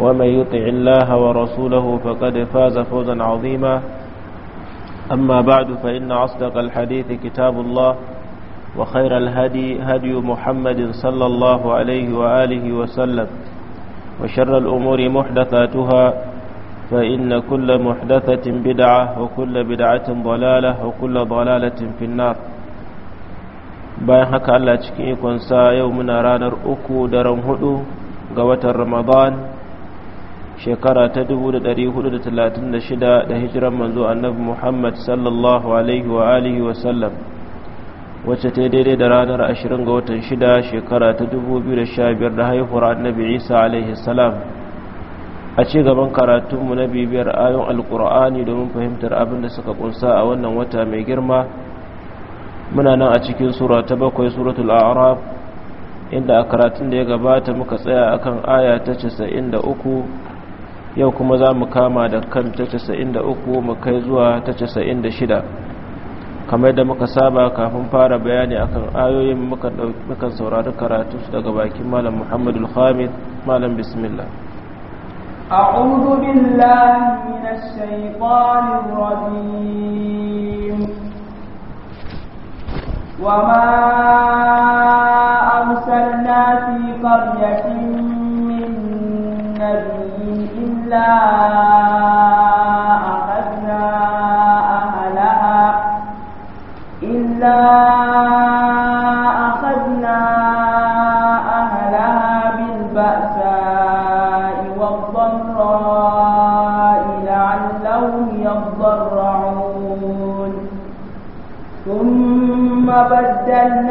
ومن يطع الله ورسوله فقد فاز فوزا عظيما أما بعد فإن أصدق الحديث كتاب الله وخير الهدي هدي محمد صلى الله عليه وآله وسلم وشر الأمور محدثاتها فإن كل محدثة بدعة وكل بدعة ضلالة وكل ضلالة في النار bayan haka Allah cikin ikonsa yau muna ranar uku daren hudu ga watan Ramadan shekara ta 1436 da hijiran manzo annabi Muhammad sallallahu alaihi wa alihi wa sallam wacce ta daidai da ranar 20 ga watan 6 shekara ta 2015 da haihuwar annabi Isa alaihi salam a ci gaban karatunmu na bibiyar ayon alkur'ani domin fahimtar abin da suka kunsa a wannan wata mai girma muna nan a cikin sura ta bakwai suratul a'raf inda a karatun da ya gabata muka tsaya akan aya ta 93 yau kuma za mu kama da kan ta casa'in da uku mu kai zuwa ta casa'in da shida kamar da muka saba kafin fara bayani akan ayoyin muka saurari karatu daga bakin malam muhammadu hamid malam bismillah أعوذ بالله من الشيطان الرجيم وما أرسلنا في قرية من نبي إلا أخذنا أهلها إلا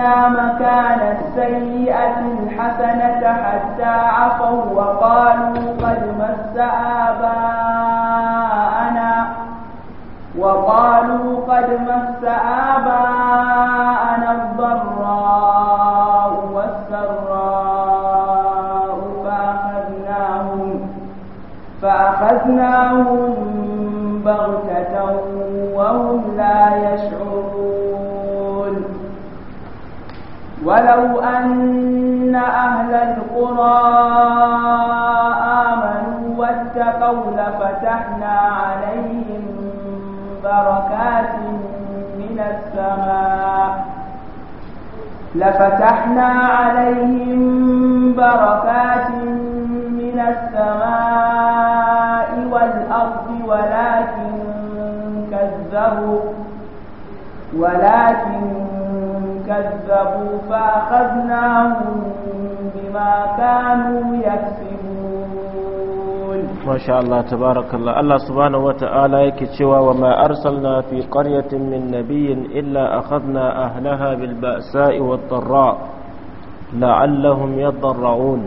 مكان السيئة الحسنة حتى عفوا وقالوا قد مس آباءنا وقالوا قد مس آباءنا الضراء والسراء فأخذناهم فأخذناهم بغتة وهم لا يشعرون ولو أن أهل القرى آمنوا واتقوا لفتحنا عليهم بركات من السماء لفتحنا عليهم بركات من السماء والأرض ولكن كذبوا ولكن كذبوا فأخذناهم بما كانوا يكسبون ما شاء الله تبارك الله الله سبحانه وتعالى يكتشوا وما أرسلنا في قرية من نبي إلا أخذنا أهلها بالبأساء والضراء لعلهم يضرعون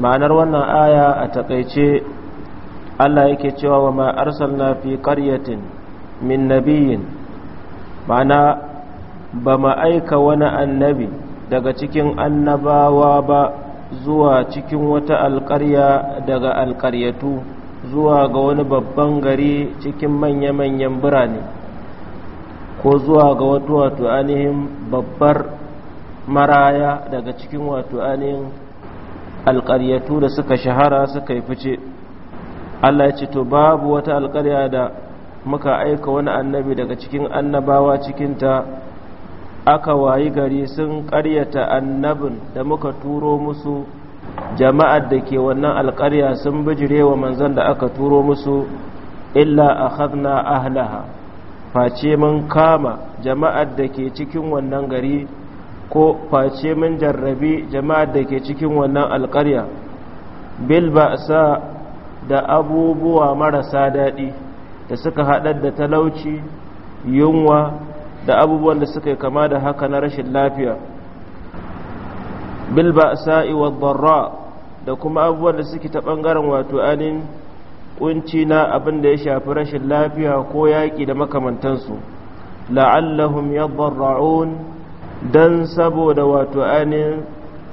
ma'anar wannan aya a takaice Allah yake cewa wa ma arsalna fi qaryatin min nabiyyin ma'ana ba ma aika wani annabi daga cikin annabawa ba zuwa cikin wata alƙarya daga alƙaryatu zuwa ga wani babban gari cikin manya-manyan birane ko zuwa ga wata wato ainihin babbar maraya daga cikin wato ainihin alƙaryatu da suka shahara suka yi fice Allah ya ce to babu wata alƙarya da muka aika wani annabi daga cikin annabawa cikinta aka wayi gari sun ƙaryata annabin da muka turo musu jama'ar da ke wannan alƙarya sun bijire wa manzan da aka turo musu illa a hadna ahlaha face mun kama jama'ar da ke cikin wannan gari ko face mun jarrabi jama'ar da ke cikin wannan alƙarya bil sa da abubuwa marasa daɗi da suka haɗar da talauci yunwa da abubuwan da suka yi kama da haka na rashin lafiya bil ba'sa'i wa dharra da kuma abubuwan da suke ta bangaren wato anin kunci na abin da ya shafi rashin lafiya ko yaƙi da makamantansu la'allahum yadarra'un dan saboda wato anin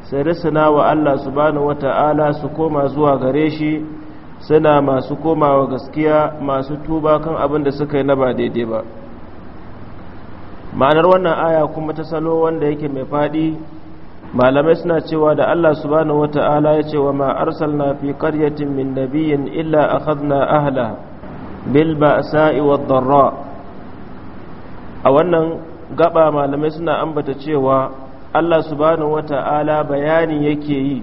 sarisuna wa Allah su subhanahu wata'ala su koma zuwa gare shi suna masu komawa gaskiya masu tuba kan abin da suka yi na ba daidai ba ma'anar wannan aya kuma ta salo wanda yake mai faɗi malamai suna cewa da Allah subhanahu wata'ala ya ce wa ma arsalna fi qaryatin min nabiyyin illa akhadna ahla bil ba'sa'i wad darra a wannan gaba malamai suna ambata cewa Allah subhanahu wata'ala bayani yake yi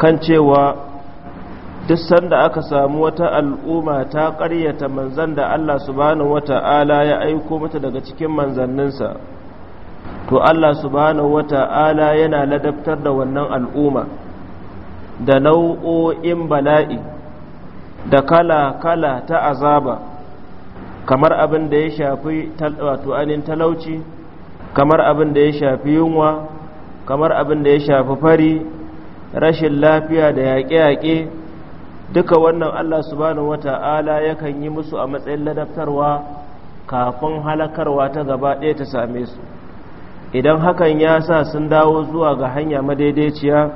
kan cewa duk sanda aka samu wata al'umma ta ƙaryata manzan da Allah subhanahu wata'ala ya aiko mata daga cikin manzanninsa to Allah subhanahu wata'ala yana ladabtar da wannan al'umma da nau'o'in bala'i da kala-kala ta azaba kamar abin da ya shafi wato anin talauci kamar abin da ya shafi yunwa kamar abin da ya shafi fari rashin lafiya da yaƙe-yaƙe duka wannan Allah subhanahu wata'ala yakan yi musu a matsayin ladabtarwa kafin halakarwa ta gaba ɗaya ta same su idan hakan ya sa sun dawo zuwa ga hanya madaidaiciya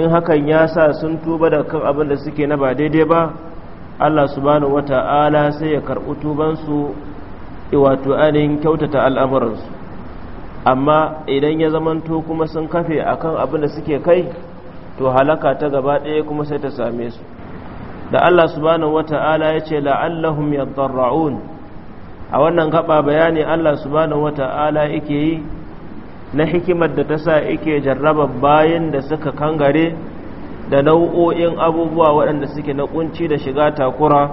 in hakan ya sa sun tuba da kan abin da suke na ba daidai ba Allah subhanahu wata'ala sai ya karɓi tubansu wato ainihin kyautata al'amuransu amma idan ya zamanto kuma sun kafe akan abin da suke kai to halaka ta gaba ɗaya kuma sai ta same su da Allah subhanahu wata'ala ya ce la'allahum yadarra'un a wannan gaba bayani Allah subhanahu wata'ala yake yi na hikimar da ta sa yake jarraba bayan da suka kangare da nau'o'in abubuwa waɗanda suke na kunci da shiga takura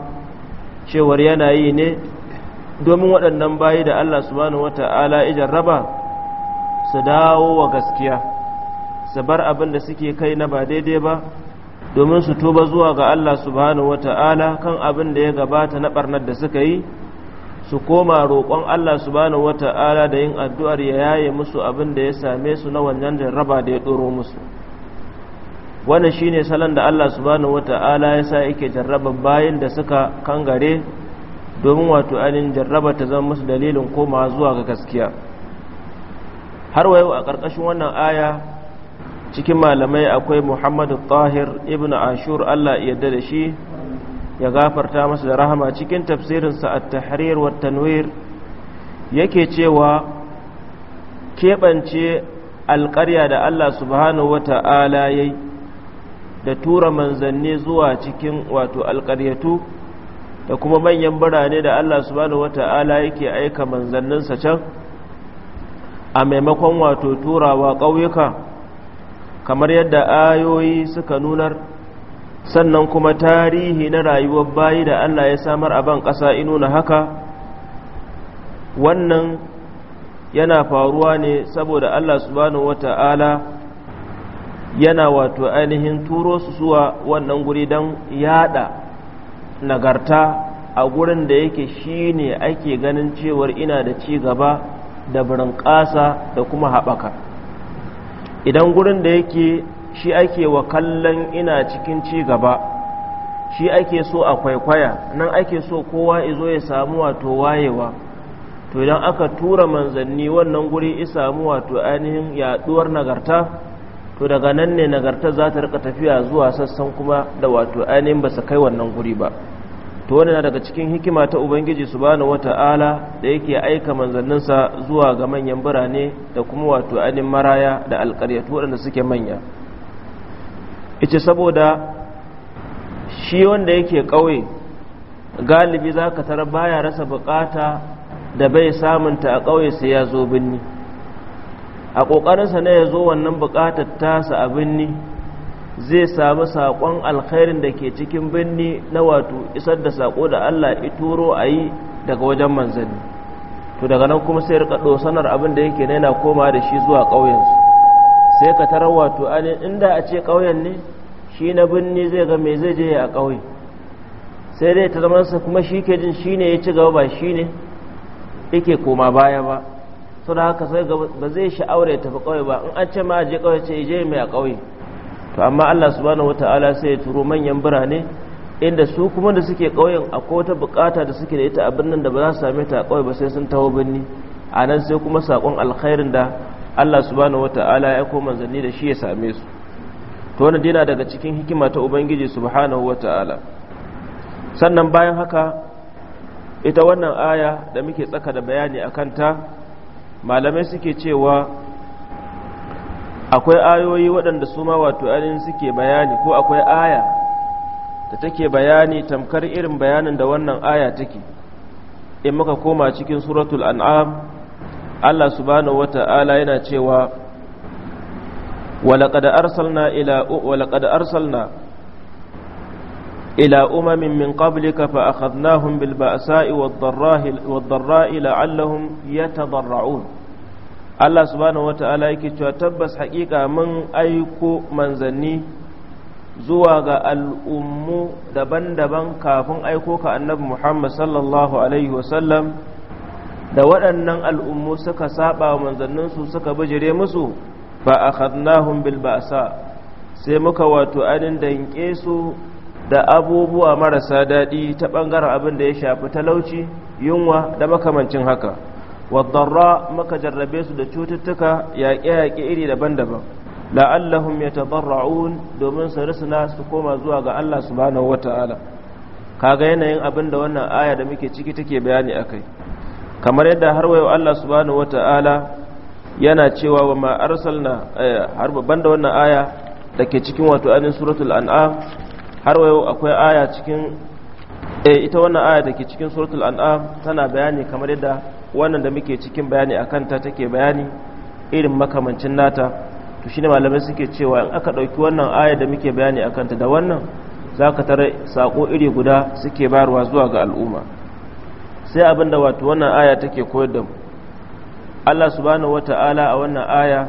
cewar yana yi ne domin waɗannan bayi da Allah subhanahu wata'ala ya jarraba su dawo wa gaskiya su bar abin da suke kai na ba daidai ba domin su tuba zuwa ga Allah subhanahu ta’ala kan abin da ya gabata na ɓarnar da suka yi su koma roƙon Allah subhanahu ta’ala da yin addu'ar ya yaye musu abin da ya same su na wannan jarraba da ya ɗoro musu wannan shine salon da Allah subhanahu ta’ala ya sa yake jarraba bayan da suka kangare domin wato ainihin jarraba ta zama musu dalilin komawa zuwa ga gaskiya har wayo a ƙarƙashin wannan aya cikin malamai akwai muhammadu tahir ibn ashur allah yadda da shi ya gafarta masa da rahama cikin tafsirinsa a tahrir wa tanwir yake cewa keɓance alƙarya da allah subhanahu wa ta'ala ya da tura manzanni zuwa cikin wato alƙaryatu da kuma manyan birane da Allah subhanahu wata'ala yake aika manzanninsa can a maimakon wato turawa ƙauyuka kamar yadda ayoyi suka nunar sannan kuma tarihi na rayuwar bayi da Allah ya samar a ban ƙasa inuna na haka wannan yana faruwa ne saboda Allah subhanahu wata'ala yana wato ainihin turo su zuwa wannan guri don yada nagarta a gurin da yake shine ake ganin cewar ina da ci gaba da birin ƙasa da kuma haɓaka idan gurin da yake shi ake wa kallon ina cikin ci gaba shi ake so a kwaikwaya nan ake so kowa izo ya samu wato wayewa to idan aka tura manzanni wannan guri samu wato ainihin yaduwar nagarta to daga nan ne nagarta za ta rika tafiya zuwa sassan kuma da wato ainihin ba su kai wannan guri ba to wannan daga cikin hikima ta ubangiji su subhanahu wata'ala da yake aika manzanninsa zuwa ga manyan birane da kuma wato anin maraya da alƙaryatu waɗanda suke manya ita saboda shi wanda yake kauye galibi za ka tara baya rasa bukata da bai samunta a kauye sai ya zo binni a ƙoƙarinsa na ya zo wannan bukatar tasa a binni zai samu saƙon alkhairin da ke cikin birni na wato isar da saƙo da Allah ituro a yi daga wajen manzanni to daga nan kuma sai rika sanar abin da yake yana koma da shi zuwa ƙauyensu sai ka tarar wato anin inda a ce ƙauyen ne shi na birni zai ga me zai je a ƙauye sai dai ta zamansa kuma shi ke jin shi ne ya ci gaba ba shi ne yake koma baya ba sau da haka sai ba zai sha'awar ya tafi ƙauye ba in an ce ma a je ƙauye ce ya je mai a ƙauye to amma Allah subhanahu wataala sai ya turo manyan birane inda su kuma da suke ƙauyen akwai wata bukata da suke da ita abin nan da ba za su same ta a ƙauye ba sai sun taho birni a nan sai kuma saƙon alkhairin da Allah subhanahu wataala ya koma manzanni da shi ya same su to wannan yana daga cikin hikima ta ubangiji subhanahu wataala sannan bayan haka ita wannan aya da muke tsaka da bayani akan ta malamai suke cewa akwai ayoyi waɗanda su ma wato ainihin suke bayani ko akwai aya da take bayani tamkar irin bayanin da wannan aya take in muka koma cikin suratul an'am Allah subhanahu wata'ala yana cewa walaqad arsalna ila walaqad arsalna ila umamin min qablika fa akhadnahum bil ba'sa'i wad-dharra'i wad-dharra'i la'allahum yatadarra'un Allah subhanahu ta’ala yake cewa tabbas haƙiƙa mun aiko manzanni zuwa ga al'ummu daban-daban kafin aiko ka annabi Muhammad sallallahu alaihi wasallam da waɗannan al'ummu suka saba wa manzanninsu suka bijire musu fa akhadnahum bil ba'sa sai muka wato anin danke su da abubuwa marasa daɗi ta ɓangaren abin da ya shafi talauci yunwa da makamancin haka wadarra maka jarrabe su da cututtuka yaƙe-yaƙe iri daban-daban la'allahum yatadarra'un domin su risna su koma zuwa ga Allah subhanahu wata'ala kaga yanayin abin da wannan aya da muke ciki take bayani akai kamar yadda har wayo Allah subhanahu wata'ala yana cewa wa ma arsalna har wannan aya dake cikin wato ainihin suratul an'am har wayo akwai aya cikin eh ita wannan aya da ke cikin suratul an'am tana bayani kamar yadda wannan da muke cikin bayani akan ta take bayani irin makamancin nata to shine malamai suke cewa in aka dauki wannan aya da muke bayani akan ta da wannan zaka tare sako iri guda suke bayarwa zuwa ga al'umma sai abinda wato wannan aya take koyar da mu Allah subhanahu wata'ala a wannan aya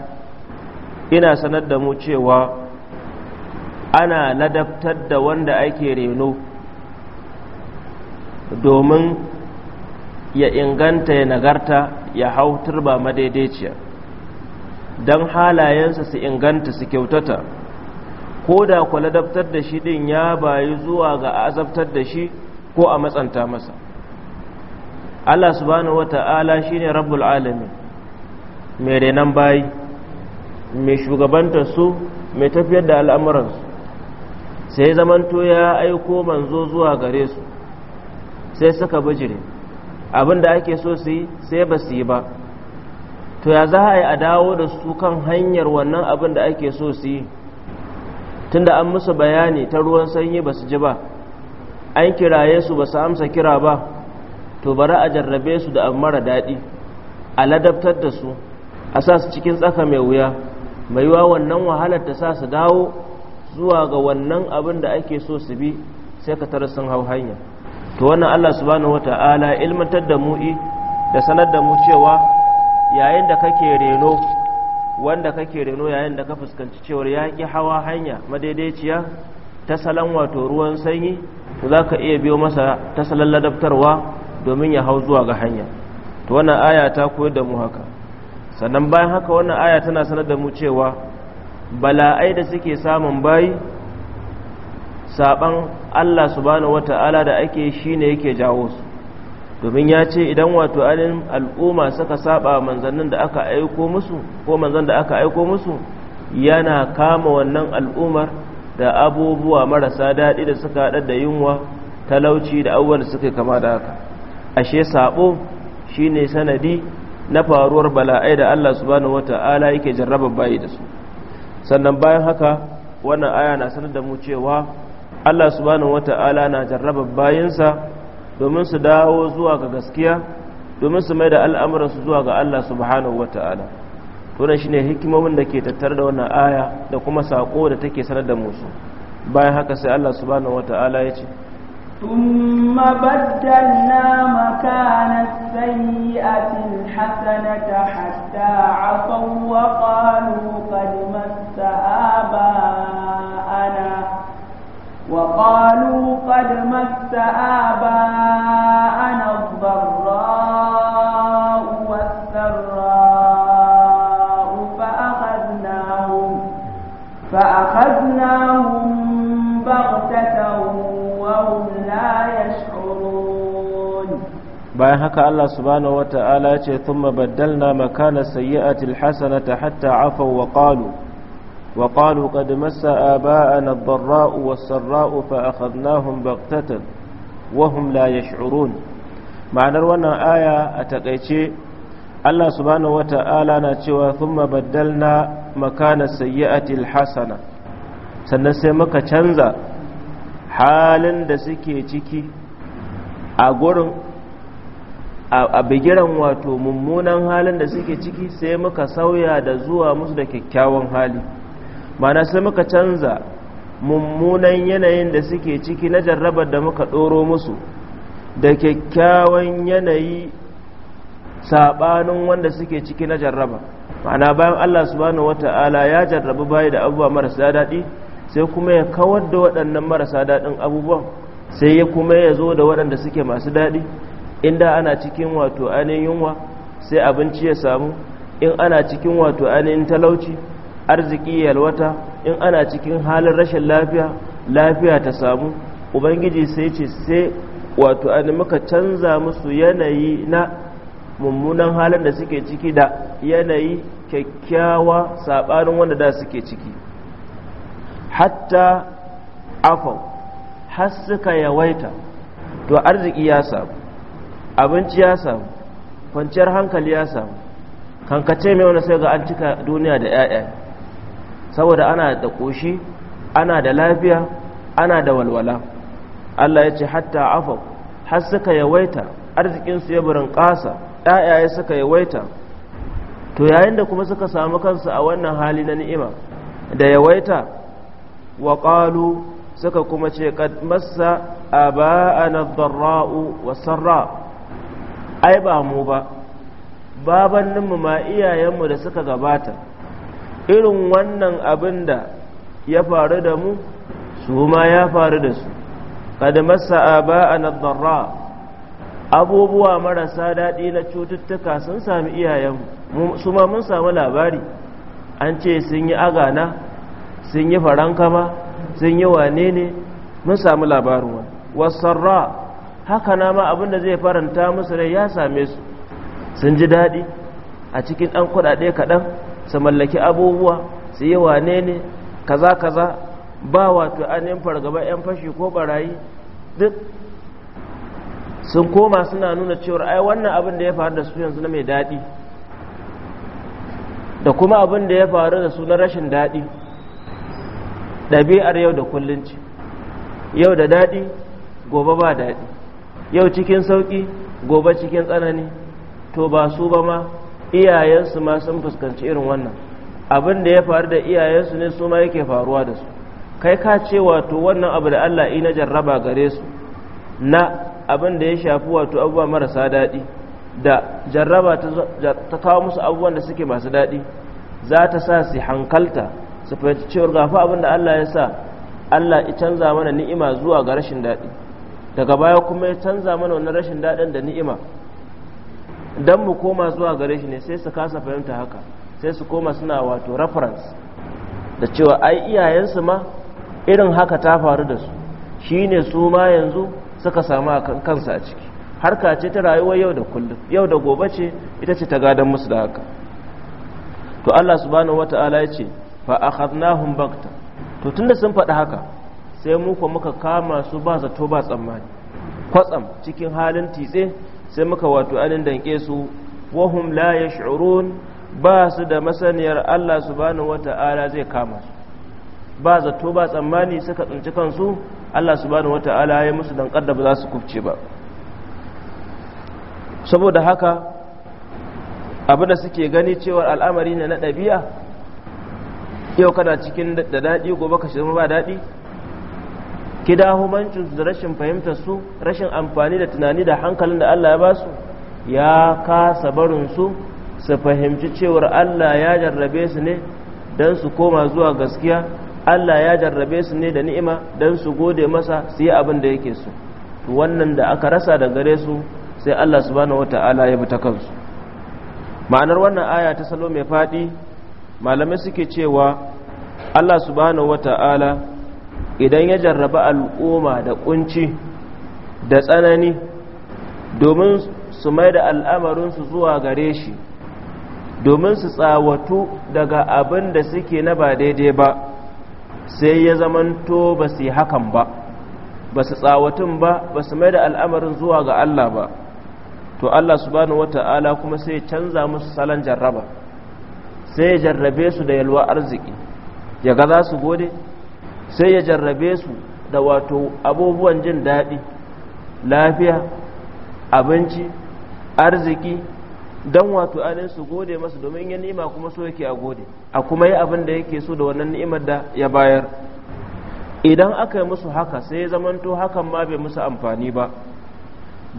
ina sanar da mu cewa ana ladabtar da wanda ake reno domin ya inganta ya nagarta ya hau turba madaidaiciya don halayensa su inganta su kyautata ko da kwale daftar da shi din ya bayi zuwa ga azabtar da shi ko a matsanta masa Allah subhanahu shi shine rabbul alami mai renon bayi mai shugabantar su mai tafiyar da al'amuransu sai zamanto ya aiko manzo zuwa gare su sai suka bijire abin da ake so su yi sai ba su yi ba to ya za a yi a dawo da su kan hanyar wannan abin da ake so su yi tunda an musu bayani ta ruwan sanyi ba su ji ba an kiraye su ba su amsa kira ba to bari a jarrabe su da abu mara daɗi a ladabtar da su a sa su cikin tsaka mai wuya mai yiwa wannan wahalar ta sa su dawo zuwa ga wannan abin da ake so su bi sai ka tara sun hau hanya to wannan Allah subhanahu wata'ala ilmantar da mu'i da sanar da mu cewa yayin da kake reno wanda kake reno yayin da ka fuskanci cewar yaƙi hawa hanya madaidaiciya ta salon wato ruwan sanyi to za ka iya biyo masa ta salon ladabtarwa domin ya hau zuwa ga hanya to wannan aya ta koyar da mu haka sannan bayan haka wannan aya tana sanar da mu cewa bala'ai da suke samun bayi saban Allah subhanahu wata'ala da ake shi ne yake jawo su domin ya ce idan wato alin al'umma suka saba manzannin da aka aiko musu ko manzan da aka aiko musu yana kama wannan al'ummar da abubuwa marasa daɗi da suka haɗa da yunwa talauci da abubuwan da suka kama da haka ashe sabo ne sanadi na faruwar bala'ai da Allah subhanahu wata'ala yake jarraba bayi da su sannan bayan haka wannan aya na sanar da mu cewa Allah subhanahu wata'ala na jarraba bayansa domin su dawo zuwa ga gaskiya domin su mai da al'amuransu zuwa ga Allah subhanahu wata'ala tunan shi ne hikimomin da ke tattare da wannan aya da kuma saƙo da take sanar da musu bayan haka sai Allah subhanahu wata'ala ya ce ثم hasana ta السيئة a حتى wa ƙalu قد مس ana. وقالوا قد مس آباءنا الضراء والسراء فأخذناهم فأخذناهم بغتة وهم لا يشعرون بعد هكا الله سبحانه وتعالى ثم بدلنا مكان السيئة الحسنة حتى عفوا وقالوا وقالوا قد مس آباءنا الضراء والسراء فأخذناهم بغتة وهم لا يشعرون معنى روانا آية أتقيتي الله سبحانه وتعالى نتشوى ثم بدلنا مكان السيئة الحسنة سنسيمك تنزى حالا دسكي suke ciki a bigiran wato mummunan halin da suke ciki sai muka sauya da zuwa musu da kyakkyawan hali mana sai muka canza mummunan yanayin da suke ciki na jarrabar da muka ɗoro musu da kyakkyawan yanayi saɓanin wanda suke ciki na jarraba ma'ana bayan allah subhanahu wata'ala ya jarrabu bayi da abubuwa marasa daɗi sai kuma ya kawar da waɗannan marasa daɗin abubuwan sai ya kuma ya zo da waɗanda suke masu daɗi inda ana cikin wato ainihin yunwa sai abinci ya samu in ana cikin wato ainihin talauci arziki yalwata in ana cikin halin rashin lafiya lafiya ta samu ubangiji sai ce sai wato an muka canza musu yanayi na mummunan halin da suke ciki da yanayi kyakkyawa saɓanin wanda da suke ciki hatta afau har suka yawaita to arziki ya samu abinci ya samu kwanciyar hankali ya samu kankace mai wani sai ga an cika duniya da 'ya'ya saboda ana da ƙoshi ana da lafiya ana da walwala Allah ya ce hatta afaf har suka yawaita arzikinsu ya burin ƙasa ɗayaye suka yawaita to yayin da kuma suka samu kansu a wannan hali na ni'ima da yawaita wa ƙalu suka kuma ce kad massa aba'ana dharra'u wa sarra ai ba mu ba babanninmu ma iyayenmu da suka gabata irin wannan abin da ya faru da mu su ma ya faru da su kada masa aba a nadarra abubuwa marasa daɗi na cututtuka sun sami iyayen su ma mun samu labari an ce sun yi agana sun yi farankama sun yi wane ne mun sami labarin wani wasarra haka na ma abin da zai faranta musu rai ya same su sun ji daɗi a cikin ɗan kuɗaɗe kaɗan su mallaki abubuwa su yi wane ne kaza kaza ba wato ainihin fargaba 'yan fashi ko barayi duk sun koma suna nuna cewar ai wannan abin da ya faru da su yanzu na mai daɗi da kuma abin da ya faru da su na rashin daɗi ɗabi'ar yau da kullunci yau da daɗi gobe ba daɗi yau cikin sauƙi gobe cikin tsanani to ba su ba ma iyayensu ma sun fuskanci irin wannan abin da ya faru da iyayensu ne su ma yake faruwa da su kai ka ce wato wannan abu da Allah yi na jarraba gare su na abin da ya shafi wato abubuwa marasa daɗi da jarraba ta kawo musu abubuwan da suke masu daɗi za ta sa su hankalta su fahimci cewar gafi abin da Allah ya sa Allah ya canza mana ni'ima zuwa ga rashin daɗi daga baya kuma ya canza mana wannan rashin daɗin da ni'ima dan mu koma zuwa gare shi ne sai su kasa fahimta haka sai su koma suna wato reference da cewa ai iyayensu ma irin haka ta faru da su shine su ma yanzu suka samu kansa a ciki harka ce ta rayuwar yau da kullum yau da gobe ce ita ce ta gadon musu da haka to Allah subhanahu wata'ala ya ce fa akhadnahum bakta to tunda sun faɗi haka sai mu kuma muka kama su ba zato ba tsammani kwatsam cikin halin titse sai muka wato anin danke su wahum la yash'urun ba su da masaniyar Allah subhanahu wata'ala zai kama su ba zato ba tsammani suka tsinci kansu Allah subhanahu wata'ala ya musu dankar da ba za su kufce ba saboda haka abu da suke gani cewar al'amari ne na ɗabi'a yau kana cikin da daɗi gobe ka shirma ba daɗi kidahumancin da rashin fahimtar su rashin amfani da tunani da hankalin da Allah ya ba su ya kasa barin su su fahimci cewar Allah ya jarrabe su ne don su koma zuwa gaskiya Allah ya jarrabe su ne da ni'ima don su gode masa su yi abin da yake so to wannan da aka rasa da gare su sai Allah subhanahu wata'ala ya bi ta kansu ma'anar wannan aya ta salo mai faɗi malamai suke cewa Allah subhanahu wata'ala idan ya jarraba al'umma da kunci da tsanani domin su mai da al'amarinsu zuwa gare shi domin su tsawatu daga abin da suke na ba daidai ba sai ya zamanto ba su yi hakan ba ba su tsawatun ba ba su mai da al'amarin zuwa ga Allah ba to Allah subhanahu wata'ala kuma sai ya canza musu salon jarraba sai ya jarrabe su da yalwa arziki ya ga za su gode sai ya jarrabe su da wato abubuwan jin daɗi lafiya abinci arziki don wato anin su gode masu domin ya ni'ima kuma so yake a gode a kuma yi abin da yake so da wannan ni'imar da ya bayar idan aka yi musu haka sai ya zamanto hakan ma bai musu amfani ba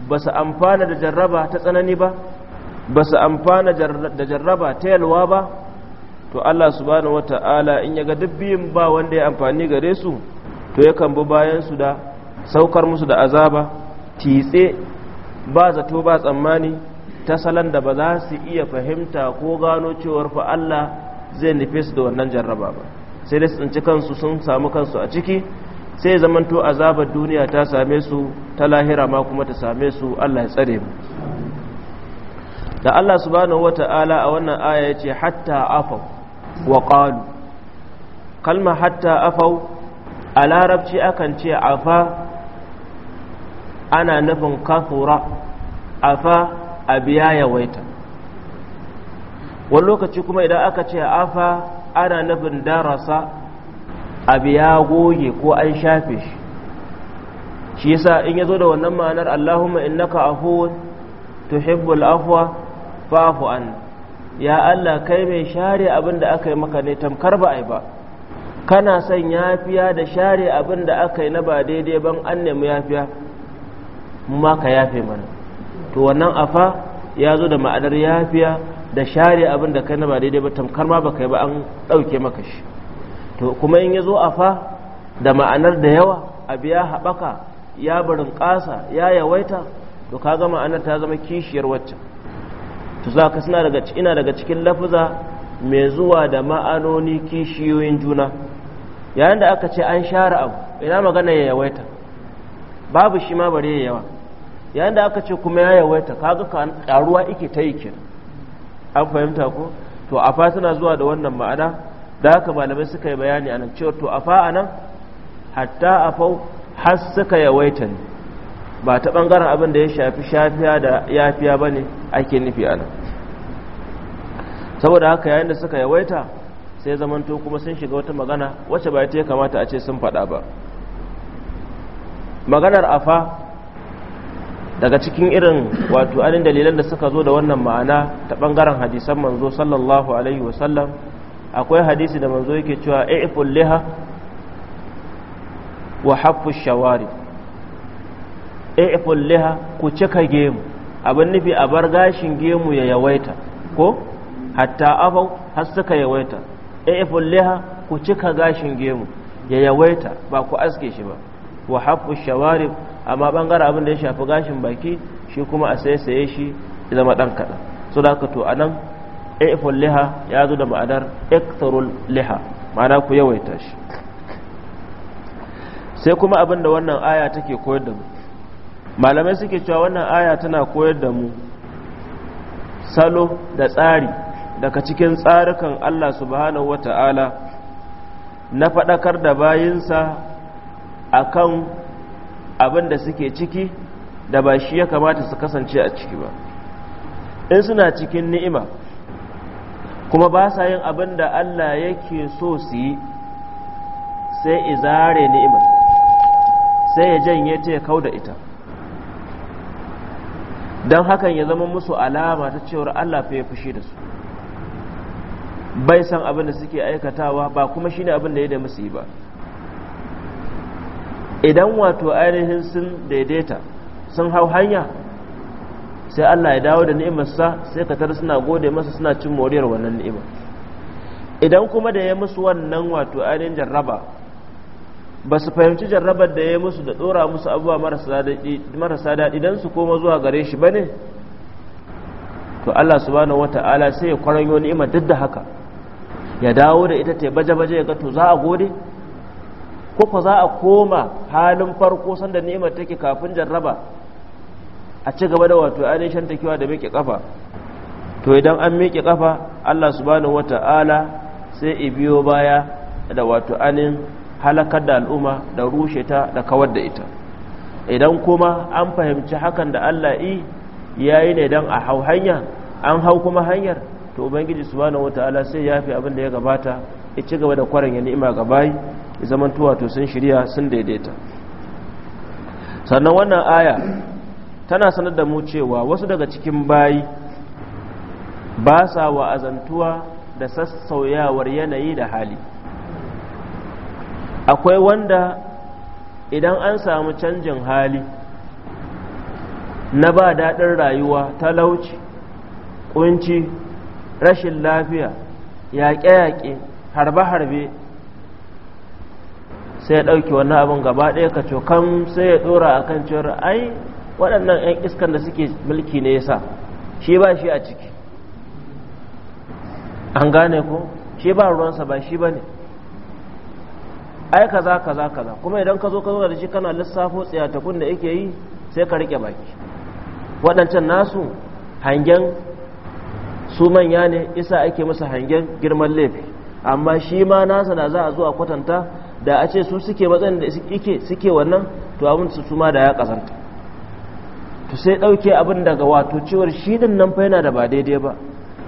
ba su amfana da jarraba ta tsanani ba ba su amfana da jarraba ta yalwa ba to Allah subhanahu wata'ala in yaga duk biyun ba wanda ya amfani gare su to yakan bi bayan su da saukar musu da azaba titse ba zato ba tsammani ta salon da ba za su iya fahimta ko gano cewar fa Allah zai nufe su da wannan jarraba ba sai da tsinci kansu sun samu kansu a ciki sai zamanto azabar duniya ta same su ta lahira ma kuma ta same su Allah ya tsare mu da Allah subhanahu wata'ala a wannan aya ya ce hatta afaw wa qalu kalma hatta afau a larabci akan ce afa ana nufin kafura afa abiya yawaita wani lokaci kuma idan aka ce afa ana nufin darasa abiya goge ko an shafe shi shi yasa in yazo da wannan ma'anar Allahumma innaka afuwun tuhibbul afwa fa'fu anna ya Allah kai mai share abin da aka yi maka ne tamkar ba a yi ba kana son yafiya da share abin da aka yi na ba daidai ban an nemi yafiya ma ka yafe mana to wannan afa ya zo da ma'anar yafiya da share abin da kai na ba daidai ba tamkar ma ba kai ba an ɗauke maka shi to kuma in ya zo afa da ma'anar da yawa abu ya haɓaka ya barin ƙasa ya yawaita to ka ma'anar ta zama kishiyar waccan to za ka suna daga ina daga cikin lafuza mai zuwa da ma'anoni kishiyoyin juna yayin da aka ce an share abu ina magana ya yawaita babu shi ma bare ya yawa yayin da aka ce kuma ya yawaita kaga karuwa ike ta yi kenan an fahimta ko to a fa suna zuwa da wannan ma'ana da haka malamai suka yi bayani anan cewa to a a anan hatta a afau har suka yawaita ne ba ta bangaren abin da ya shafi shafiya da yafiya ba ne ake nufi ana saboda haka yayin da suka yawaita sai zamanto kuma sun shiga wata magana wacce ba ta ya kamata a ce sun faɗa ba maganar afa daga cikin irin wato anin dalilan da suka zo da wannan ma'ana ta bangaren hadisan manzo sallallahu alaihi wasallam akwai hadisi da manzo yake cewa i'ful liha wa hafu shawari A ku cika gemu abin nufi a bar gashin gemu ya yawaita ko hatta abau har suka yawaita iful ku cika gashin gemu ya yawaita ba ku aske shi ba wa hafu shawarib amma bangaren abin da ya shafi gashin baki shi kuma a saisaye shi zama dan kaɗan so da haka to anan nan liha ya zo da ma'anar ektarul liha ma'ana ku yawaita shi sai kuma abin da wannan aya take koyar da mu malamai suke cewa wannan aya tana koyar da mu salo da tsari daga cikin tsarukan Allah subhanahu wata'ala na faɗakar da bayinsa akan abin da suke ciki da ba shi ya kamata su kasance a ciki ba in suna cikin ni'ima kuma ba sa yin abin da Allah yake so su yi sai izare ni'ima sai ya janye ta ya kau da ita don hakan ya zama musu alama ta cewar Allah fa ya fushi da su bai san abin da suke aikatawa ba kuma shine abin da ya da musu ba idan wato ainihin sun daidaita sun hau hanya sai Allah ya dawo da ni'imarsa sai ka tara suna gode masa suna cin moriyar wannan ni'ima idan kuma da ya musu wannan wato ainihin jarraba ba su fahimci jarrabar da ya musu da ɗora musu abubuwa marasa daɗi don su koma zuwa gare shi ba ne to Allah subhanahu ta'ala sai ya kwaranyo ni'imar duk da haka ya dawo da ita ta baje-baje ya ga to za a gode ko ko za a koma halin farko sanda ni'imar take kafin jarraba a ci gaba da wato ainihin shantakewa da miƙe kafa to idan an miƙe kafa Allah subhanahu ta'ala sai ya biyo baya da wato ainihin halakar da al'umma da rushe ta da kawar da ita idan kuma an fahimci hakan da Allah yi yayi ne dan a hau hanya an hau kuma hanyar to ubangiji subhanahu wataala sai ya fi abin da ya gabata ya ci gaba da kwarin ya ni'ima ga bayi ya zaman tuwa to sun shirya sun daidaita sannan wannan aya tana sanar da mu cewa wasu daga cikin bayi ba sa azantuwa da sassauyawar yanayi da hali akwai wanda idan an samu canjin hali na ba daɗin rayuwa talauci kunci rashin lafiya yaƙe-yaƙe harbe-harbe sai ya ɗauki wannan abin gaba ɗaya ka cokan sai ya ɗora a kan cewar ai waɗannan 'yan iskan da suke mulki ne yasa shi ba shi a ciki an gane ko shi ba ruwansa ba shi ba ne ai kaza kaza kaza kuma idan ka zo ka zauna da shi kana lissafo tsiyatakun da yake yi sai ka rike baki waɗancan nasu hangen su manya ne isa ake musu hangen girman laifi amma shi ma nasa da za a zo a kwatanta da a ce su suke matsayin da suke suke wannan to abin su su ma da ya kazanta to sai ɗauke abin daga wato cewar shi din nan fa yana da ba daidai ba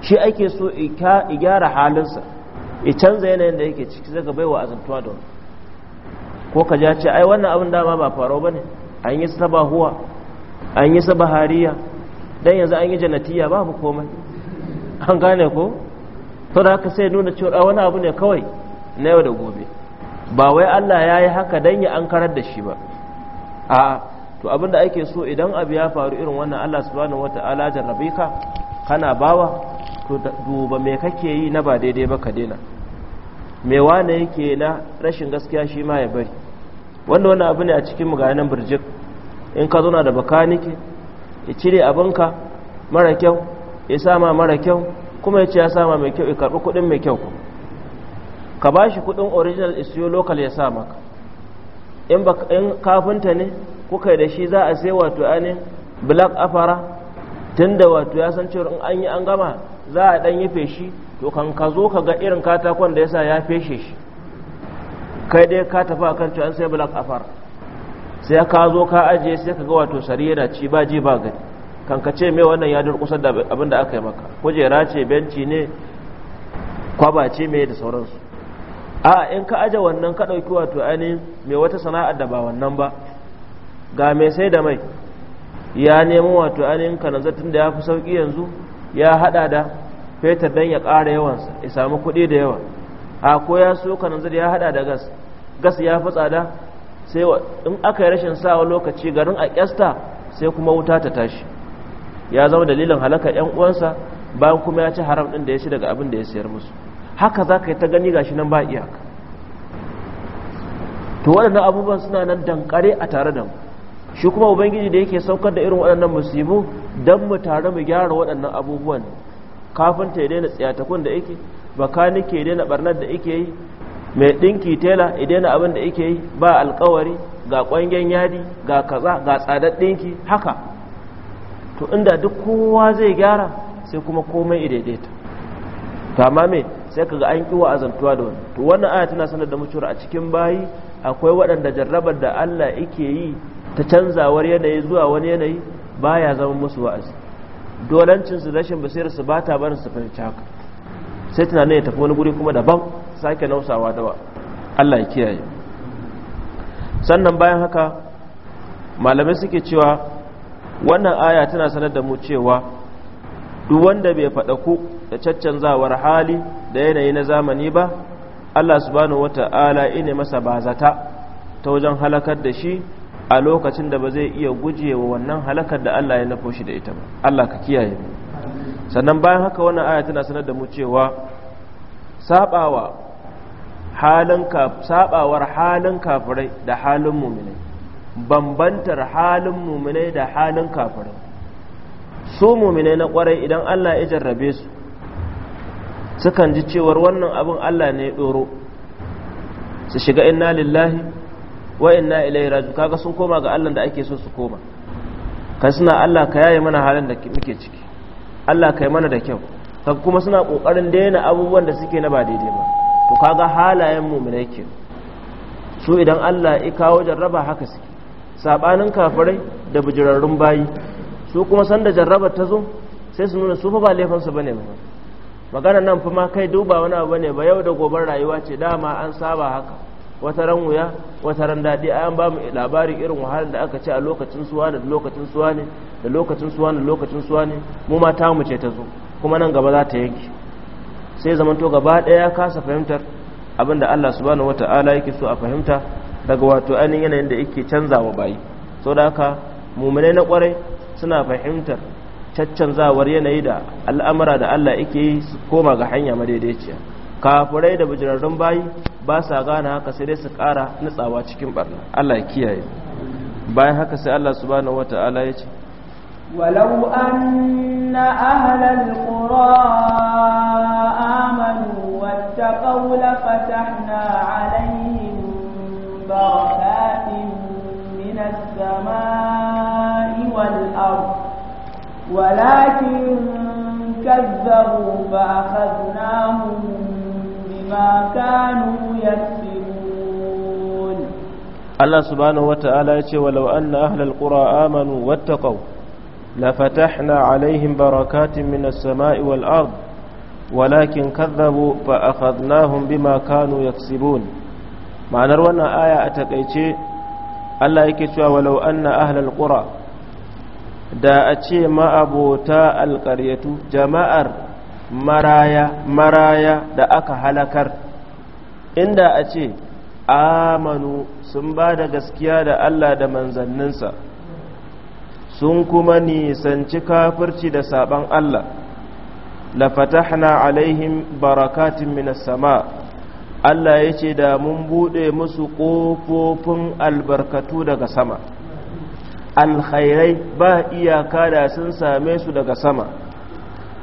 shi ake so i gyara halinsa i canza yanayin da yake ciki zaka baiwa azantuwa da wani ko ka ja ce ai wannan abin dama ba faro bane an yi sabahuwa an yi sabahariya dan yanzu an yi janatiya babu komai an gane ko to da haka sai nuna cewa wani abu ne kawai na yau da gobe ba wai Allah ya yi haka dan ya an karar da shi ba a to abin da ake so idan abu ya faru irin wannan Allah subhanahu wataala jarrabe ka kana bawa to duba me kake yi na ba daidai ba ka daina me wane yake na rashin gaskiya shi ma ya bari wanda wani abu ne a cikin mu ga birjik in ka zuna da bakanike ya cire abinka mara kyau ya sama mara kyau kuma ya ce ya sama mai kyau ya karɓi kuɗin mai kyau ka ba shi kuɗin original isiyo local ya sa maka in kafinta ne kuka da shi za a sai wato ne black afara tun da wato ya san cewar in an yi an gama za a ɗan yi feshi to kan ka zo ka ga irin katakon da ya sa ya feshe shi kai dai ka tafi akan cewa sai bulak afar sai ka zo ka ajiye sai ka ga wato sari yana ci ba ji ba gani kan ka ce mai wannan ya durkusar da abin da aka yi maka kujera ce benci ne kwaba ce mai da sauransu a in ka aje wannan ka ɗauki wato ainihin mai wata sana'a da ba wannan ba ga mai sai da mai ya nemo wato ainihin tun da ya fi sauƙi yanzu ya haɗa da fetur dan ya ƙara yawansa ya samu kuɗi da yawa a ko ya so kananzir ya hada da gas gas ya fi tsada sai in aka yi rashin sawa lokaci garin a kyasta sai kuma wuta ta tashi ya zama dalilin halaka yan uwansa bayan kuma ya ci haram din da ya ci daga abin da ya sayar musu haka za ka yi ta gani gashi nan ba iyaka to waɗannan abubuwan suna nan dankare a tare da mu shi kuma ubangiji da yake saukar da irin waɗannan musibu don mu tare mu gyara waɗannan abubuwan kafin ta daina tsiyatakun da yake bakanike ya daina barnar da ike yi mai dinki tela idan abin da ike yi ba alkawari ga kwangen yadi ga kaza ga tsadar dinki haka to inda duk kowa zai gyara sai kuma komai idaidaita kama me sai kaga an ƙi wa'azantuwa da wani to wannan aya tana sanar da mutuwar a cikin bayi akwai waɗanda jarrabar da Allah yake yi ta canzawar yanayi zuwa wani yanayi baya zama musu wa'azi su rashin basirar su bata barin su fahimci sai tunanin ya tafi wani guri kuma daban sake nausawa dawa Allah ya kiyaye sannan bayan haka malamai suke cewa wannan aya tana sanar da mu cewa duk wanda bai ku da caccanzawar hali da yanayi na zamani ba Allah subhanahu wata'ala ine masa bazata ta wajen halakar da shi a lokacin da ba zai iya gujewa wannan halakar da Allah ya nafo da ita ba Allah ka kiyaye sannan bayan haka wannan aya tana sanar da mu cewa sabawa halin ka sabawar halin kafirai da halin mu'minai bambantar halin mu'minai da halin kafirai su mu'minai na kwarai idan Allah ya jarrabe su sukan ji cewar wannan abin Allah ne ya doro su shiga inna lillahi wa inna ilaihi raji'un kaga sun koma ga Allah da ake so su koma kai suna Allah ka yaye mana halin da muke ciki Allah ka yi mana da kyau kaga kuma suna kokarin daina abubuwan da suke na ba daidai ba to kaga halayen mu'minai ke su idan Allah ya kawo jarraba haka suke sabanin kafirai da bijirarrun bayi su kuma sanda jarrabar ta zo sai su nuna su fa ba laifin su bane ba magana nan fa ma kai duba wani abu bane ba yau da gobar rayuwa ce dama an saba haka wata ran wuya wata ran daɗi an ba mu labarin irin wahalar da aka ce a lokacin suwa da lokacin suwa ne da lokacin suwa ne lokacin suwa ne mu ma ta mu ce ta zo kuma nan gaba za ta yanke sai zamanto gaba ɗaya kasa fahimtar abin da Allah subhanahu wata'ala yake so a fahimta daga wato ainihin yanayin da yake canzawa bayi so da haka muminai na kwarai suna fahimtar caccanzawar yanayi da al'amura da Allah yake yi su koma ga hanya madaidaiciya kafurai da bijirarrun bayi ba sa gane haka sai dai su kara nutsawa cikin barna Allah ya kiyaye bayan haka sai Allah subhanahu wata'ala ya ce ولو أن أهل القرى آمنوا واتقوا لفتحنا عليهم بركات من السماء والأرض ولكن كذبوا فأخذناهم بما كانوا يكسبون الله سبحانه وتعالى يقول ولو أن أهل القرى آمنوا واتقوا fatahna na لفتحنا عليهم بركات من السماء والأرض ولكن كذبوا فأخذناهم بما كانوا يكسبون ma'anar wannan aya a takaice Allah yake cewa walau anna ahlal qura da a ce ma'abota alƙaryatu jama'ar maraya maraya da aka halakar inda a ce amanu sun ba da gaskiya da Allah da manzanninsa sun kuma nisanci kafirci da saban Allah la fatahna alaihim barakatin minas sama Allah ya ce da mun buɗe musu ƙofofin albarkatu daga sama alkhairai ba iyaka da sun same su daga sama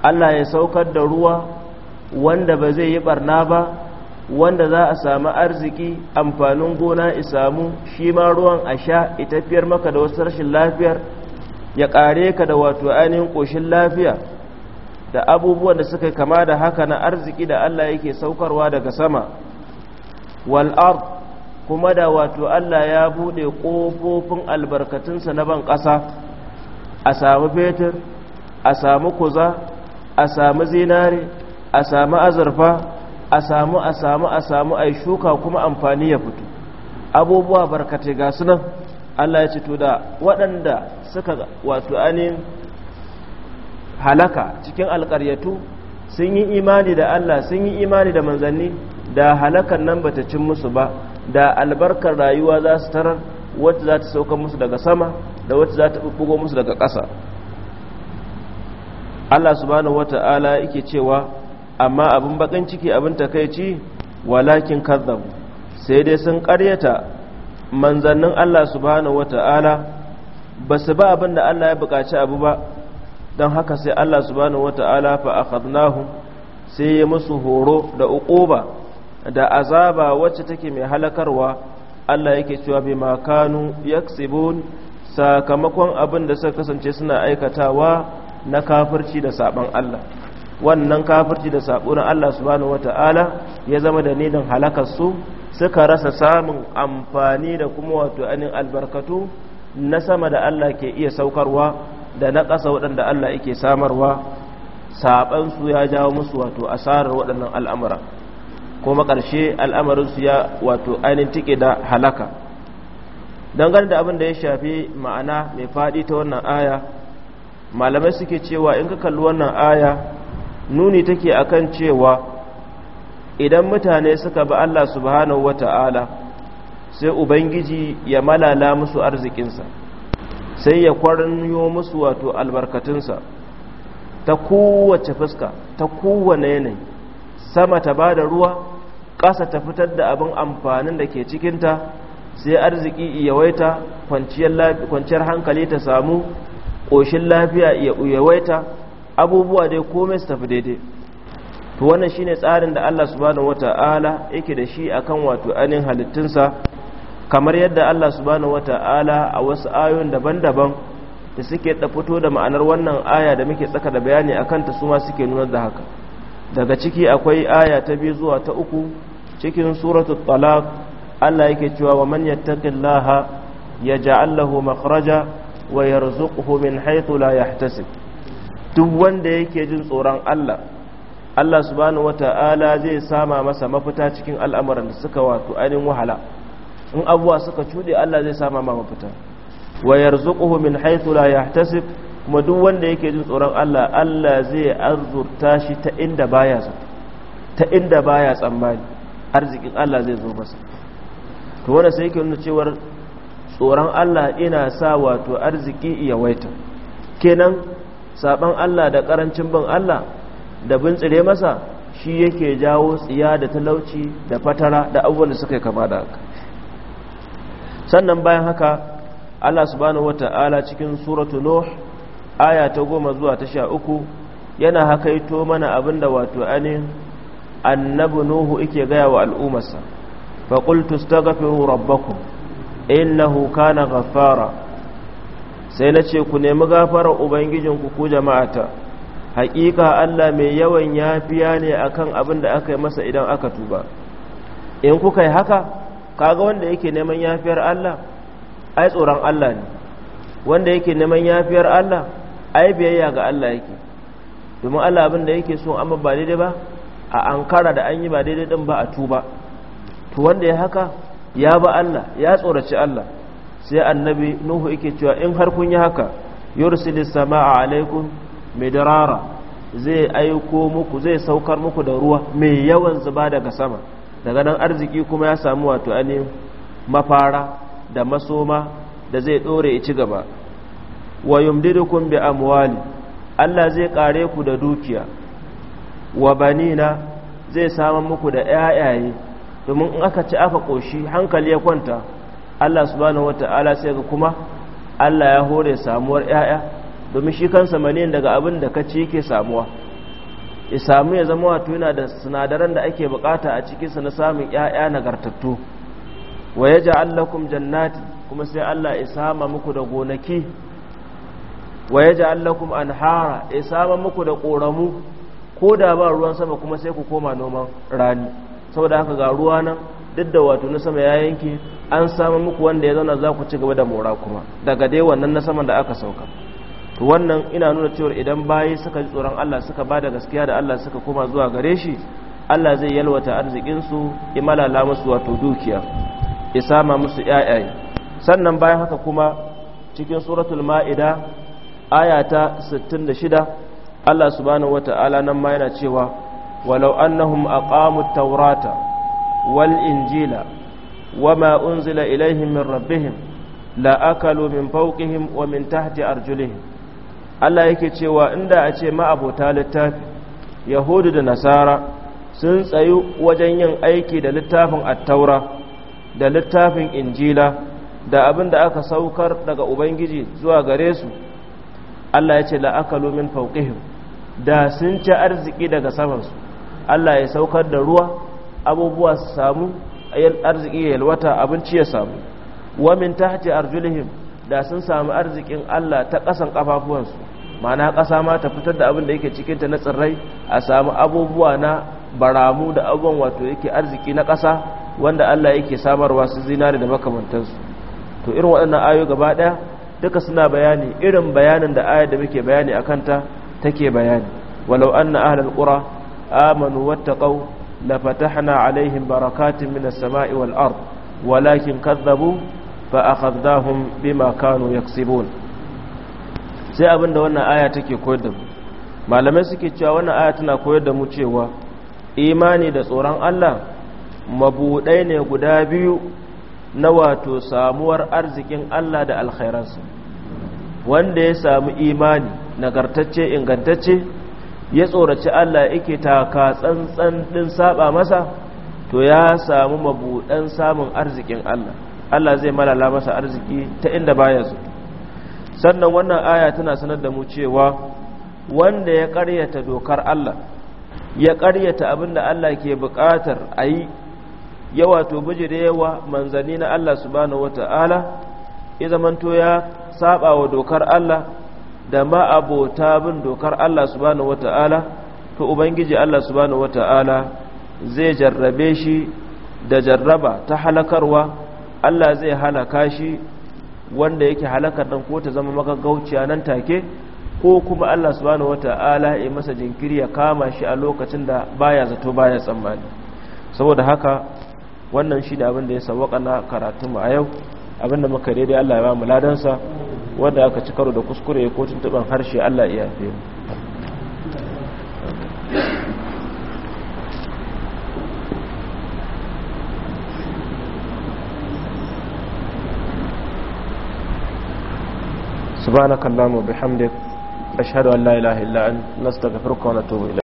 Allah ya saukar da ruwa wanda ba zai yi barna ba wanda za a samu arziki amfanin gona isamu shi ma ruwan a sha itafiyar maka da wasu rashin lafiyar ya ƙare ka da wato ainihin ƙoshin lafiya da abubuwan da suka kama da haka na arziki da Allah yake saukarwa daga sama wal'ar kuma da wato Allah ya buɗe ƙofofin albarkatunsa na ban ƙasa a samu fetur a samu kuza a samu zinare a samu azurfa a samu a samu a samu a shuka kuma amfani ya fito abubuwa barkatai ga sunan Allah ya ce to da waɗanda suka wato anin halaka cikin alƙaryatu sun yi imani da Allah sun yi imani da manzanni da halakan nan bata cin musu ba da albarkar rayuwa za su tarar wacce za ta sauka musu daga sama da wacce za ta bugo musu daga ƙasa Allah subhanahu wata'ala yake cewa amma abin bakin ciki abin takeici walakin kazzabu sai dai sun ƙaryata manzannin Allah subhanahu wata'ala ba su ba abin da Allah ya buƙaci abu ba don haka sai Allah subhanahu wata'ala fa akhadnahum sai ya musu horo da uƙoba da azaba wacce take mai halakarwa Allah yake cewa bi makanu yaksibun sakamakon abin da suka kasance suna aikatawa na kafirci da saban Allah wannan kafirci da sabo na Allah subhanahu wata'ala ya zama da dalilin halakar su suka rasa samun amfani da kuma wato anin albarkatu na sama da Allah ke iya saukarwa da na ƙasa waɗanda Allah yake samarwa saban su ya jawo musu wato asarar waɗannan al'amura kuma ƙarshe al'amarin su ya wato ainihin tike da halaka dangane da abin da ya shafi ma'ana mai faɗi ta wannan aya malamai suke cewa in ka kalli wannan aya nuni take akan cewa idan mutane suka bi Allah subhanahu wata'ala sai ubangiji ya malala musu arzikinsa sai ya kwarniyo musu wato albarkatunsa ta kowace fuska ta kowane yanayi sama ta ba da ruwa ƙasa ta fitar da abin amfanin da ke cikinta sai arziki yawaita kwanciyar hankali ta samu ƙoshin lafiya yawaita abubuwa dai komai su tafi daidai to wannan shine tsarin da Allah subhanahu wata'ala yake da shi akan wato anin halittunsa kamar yadda Allah subhanahu wata'ala a wasu ayoyin daban-daban da suke da fito da ma'anar wannan aya da muke tsaka da bayani akan ta su suke nuna da haka daga ciki akwai aya ta biyu zuwa ta uku cikin suratul talaq Allah yake cewa wa man yattaqillaha yaj'al lahu makhraja wa yarzuqhu min haythu la yahtasib duk wanda yake jin tsoron Allah Allah subhanahu wata'ala zai sama masa mafita cikin al'amuran da suka wato ainihin wahala in abuwa suka cuɗe Allah zai sama ma mafita wa yarzuquhu min haythu la yahtasib kuma duk wanda yake jin tsoron Allah Allah zai arzurta shi ta inda baya zato ta inda baya tsammani arzikin Allah zai zo masa to wanda sai yake nuna cewar tsoron Allah ina sa wato arziki iya waita kenan saban Allah da ƙarancin bin Allah da bin tsire masa shi yake jawo tsiya da talauci da fatara da abubuwan da suka kama da haka sannan bayan haka Allah subhanahu Ta'ala cikin suratu nuh aya ta goma zuwa ta sha uku yana hakaito mana abin da wato anin annabi nuhu yake gaya wa al'ummarsa fa qultu astaghfiru rabbakum innahu kana ghaffara sai na ce ku nemi gafarar ubangijinku ku jama'a ta haƙiƙa Allah mai yawan yafiya ne akan abin da aka yi masa idan aka tuba in kuka yi haka kaga wanda yake neman yafiyar Allah ai tsoron Allah ne wanda yake neman yafiyar Allah ai biyayya ga Allah yake domin Allah abin da yake so amma ba daidai ba a ankara da an yi ba daidai din ba a tuba to wanda ya haka ya ba Allah ya tsoraci Allah sai annabi nuhu yake cewa in har kun yi haka yursilis sama'a alaikum midrara zai aiko muku zai saukar muku da ruwa mai yawan zuba daga sama daga nan arziki kuma ya samu wato ani mafara da masoma da zai dore ci gaba wa yumdidukum bi amwali Allah zai kare ku da dukiya wa banina zai samu muku da ƴaƴaye domin in aka ci aka koshi hankali ya kwanta Allah subhanahu wata'ala sai ga kuma Allah ya hore samuwar ƴaƴa domin shi kansa maniyin daga abin da ka ci yake samuwa ya samu ya zama wato yana da sinadaran da ake bukata a cikin sa na samun ƴaƴa nagartattu wa yaj'al lakum jannati kuma sai Allah ya sama muku da gonaki wa yaj'al lakum anhara ya sama muku da koramu ko da ba ruwan sama kuma sai ku koma noman rani saboda haka ga ruwa nan duk da wato na sama ya yanke an samu muku wanda ya zauna za ku ci gaba da mora kuma daga dai wannan na saman da aka sauka wannan ina nuna cewa idan bayi suka ji tsoron Allah suka ba da gaskiya da Allah suka koma zuwa gare shi Allah zai yalwata arzikinsu imalala musu wato dukiya sama musu yayaye sannan bayan haka kuma cikin suratul ma'ida aya ta 66 Allah subhanahu wata'ala nan ma yana cewa walau annahum aqamut tawrata wal injila وما أنزل إليهم من ربهم لأكلوا من فوقهم ومن تحت أرجلهم Allah yake cewa inda a ce ma'abota littafi Yahudu da Nasara sun tsayu wajen yin aiki da littafin Attaura da littafin Injila da abin da aka saukar daga Ubangiji zuwa gare su Allah ya ce la'akalu min fawqihim da sun ci arziki daga samansu Allah ya saukar da ruwa abubuwa su samu arziki ya yalwata abinci ya samu wa min tahti arjulihim da sun samu arzikin Allah ta kasan kafafuwansu mana kasa ma ta fitar da abin da yake cikin ta na tsirrai a samu abubuwa na baramu da abubuwan wato yake arziki na kasa wanda Allah yake samarwa su zinari da makamantansu to irin waɗannan ayo gaba ɗaya duka suna bayani irin bayanin da ayar da muke bayani akan ta take bayani walau anna ahlul qura amanu wattaqau لفتحنا عليهم بركات من السماء والأرض ولكن كذبوا فأخذناهم بما كانوا يكسبون sai abinda wannan aya take koyar da mu malamai suke cewa wannan aya tana koyar da mu cewa imani da tsoron Allah mabuɗai ne guda biyu na wato samuwar arzikin Allah da alkhairansa wanda ya samu imani nagartacce ingantacce ya tsoraci Allah yake taka tsantsan din saba masa to ya samu mabudan samun arzikin Allah Allah zai malala masa arziki ta inda baya su sannan wannan aya tana sanar da mu cewa wanda ya ƙaryata dokar Allah ya ƙaryata abinda Allah ke buƙatar a yi yawa to da yawa manzanni na Allah subhanahu wata'ala ya zamanto ya saba wa dokar Allah da ma abota bin dokar Allah subhanahu wata'ala to ubangiji Allah subhanahu wata'ala zai jarrabe shi da jarraba ta halakarwa Allah zai halaka shi wanda yake halakar nan ko ta zama magagauciya nan take ko kuma Allah subhanahu ta'ala ya masa jinkiri ya kama shi a lokacin da baya zato baya tsammani saboda haka wannan shi da abin da ya sawaka na karatunmu a yau abin da muka daidai Allah ya ba mu ladansa wanda aka ci karo da kuskure ko tuntuban harshe Allah iya yafe mu سبحانك اللهم وبحمدك أشهد أن لا إله إلا أنت نستغفرك ونتوب إليك